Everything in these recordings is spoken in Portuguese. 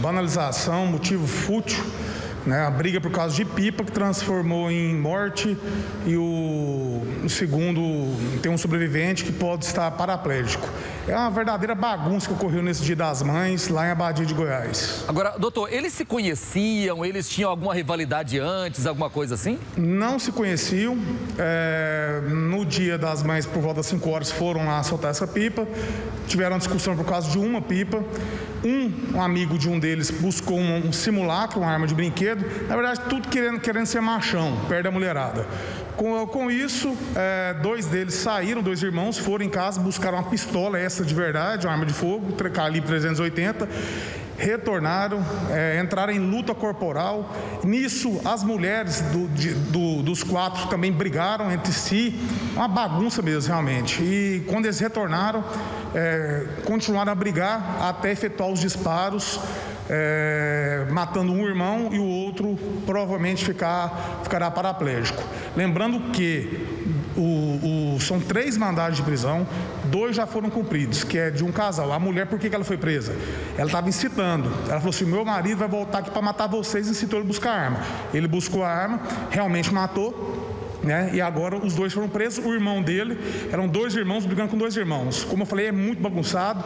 banalização, motivo fútil né? A briga por causa de pipa que transformou em morte e o, o segundo tem um sobrevivente que pode estar paraplégico. É uma verdadeira bagunça que ocorreu nesse Dia das Mães lá em Abadia de Goiás. Agora, doutor, eles se conheciam? Eles tinham alguma rivalidade antes, alguma coisa assim? Não se conheciam. É, no Dia das Mães, por volta das 5 horas, foram lá soltar essa pipa. Tiveram discussão por causa de uma pipa. Um, um amigo de um deles buscou um, um simulacro, uma arma de brinquedo na verdade, tudo querendo, querendo ser machão, perto da mulherada. Com, com isso, é, dois deles saíram, dois irmãos, foram em casa, buscaram uma pistola, essa de verdade, uma arma de fogo, calibre 380, retornaram, é, entraram em luta corporal. Nisso, as mulheres do, de, do, dos quatro também brigaram entre si, uma bagunça mesmo, realmente. E quando eles retornaram, é, continuaram a brigar até efetuar os disparos é, matando um irmão e o outro provavelmente ficar, ficará paraplégico. Lembrando que o, o, são três mandados de prisão, dois já foram cumpridos, que é de um casal. A mulher, por que, que ela foi presa? Ela estava incitando. Ela falou assim: meu marido vai voltar aqui para matar vocês, incitou ele a buscar arma. Ele buscou a arma, realmente matou né? E agora os dois foram presos, o irmão dele, eram dois irmãos brigando com dois irmãos. Como eu falei, é muito bagunçado,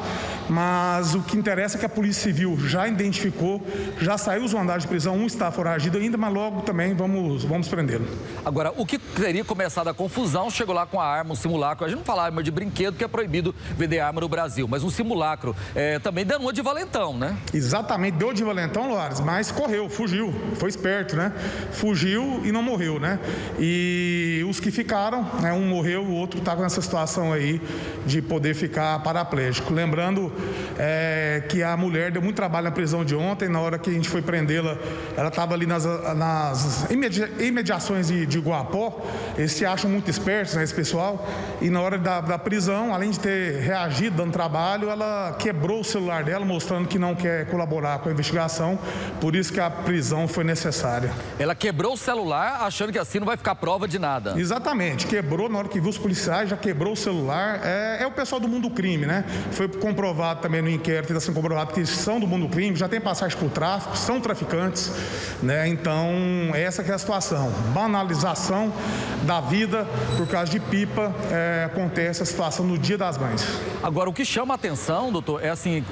mas o que interessa é que a Polícia Civil já identificou, já saiu os mandados de prisão, um está foragido ainda, mas logo também vamos, vamos prendê-lo. Agora, o que teria começado a confusão chegou lá com a arma, um simulacro. A gente não fala arma de brinquedo, que é proibido vender arma no Brasil, mas um simulacro é, também deu de valentão, né? Exatamente, deu de valentão, Loares, mas correu, fugiu, foi esperto, né? Fugiu e não morreu, né? E os que ficaram, né, um morreu, o outro está nessa situação aí de poder ficar paraplégico. Lembrando é, que a mulher deu muito trabalho na prisão de ontem, na hora que a gente foi prendê-la, ela estava ali nas, nas imediações de, de Guapó, eles se acham muito espertos, né, esse pessoal, e na hora da, da prisão, além de ter reagido, dando trabalho, ela quebrou o celular dela, mostrando que não quer colaborar com a investigação, por isso que a prisão foi necessária. Ela quebrou o celular, achando que assim não vai ficar prova de de nada. Exatamente, quebrou na hora que viu os policiais, já quebrou o celular. É, é o pessoal do mundo do crime, né? Foi comprovado também no inquérito, está sendo assim comprovado que são do mundo do crime, já tem passagem por tráfico, são traficantes, né? Então, essa é a situação. Banalização da vida por causa de pipa é, acontece a situação no Dia das Mães. Agora, o que chama a atenção, doutor, é assim,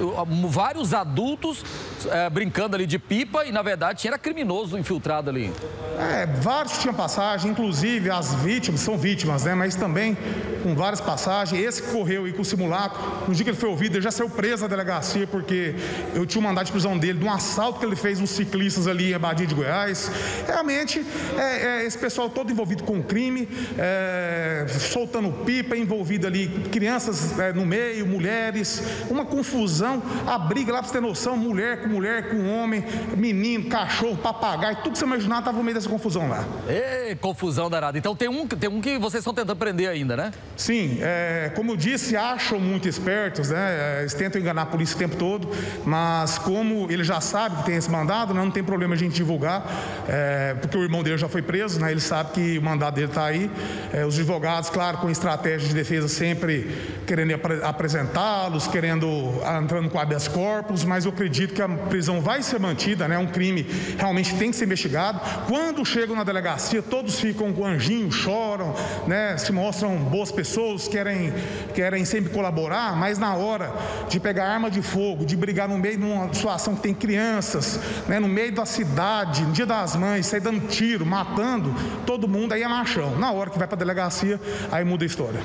vários adultos é, brincando ali de pipa e, na verdade, tinha, era criminoso infiltrado ali. É, vários tinham passagem, inclusive as vítimas, são vítimas, né? Mas também com várias passagens. Esse que correu e com o simulacro, no dia que ele foi ouvido, ele já saiu preso da delegacia, porque eu tinha um mandado de prisão dele, de um assalto que ele fez com ciclistas ali em Abadia de Goiás. Realmente, é, é, esse pessoal todo envolvido com crime, é, soltando pipa, envolvido ali, crianças é, no meio, mulheres, uma confusão, a briga lá, pra você ter noção, mulher com mulher com homem, menino, cachorro, papagaio, tudo que você imaginar estava no meio dessa confusão lá. Ei, confusão danada. Então tem um, tem um que vocês estão tentando prender ainda, né? Sim, é, como eu disse, acham muito espertos, né? É, eles tentam enganar a polícia o tempo todo, mas como ele já sabe que tem esse mandado, né? não tem problema a gente divulgar, é, porque o irmão dele já foi preso, né? Ele sabe que o mandado dele está aí. É, os advogados, claro, com estratégia de defesa sempre querendo apresentá-los, querendo ah, entrando com habeas corpus, mas eu acredito que a prisão vai ser mantida, né? Um crime realmente tem que ser investigado. Quando chegam na delegacia, todos ficam com anjinho, choram, né? Se mostram boas pessoas, querem, querem sempre colaborar, mas na hora de pegar arma de fogo, de brigar no meio de uma situação que tem crianças, né? No meio da cidade, no dia das mães, sair dando tiro, matando todo mundo, aí é machão. Na hora que vai para a delegacia, aí muda a história.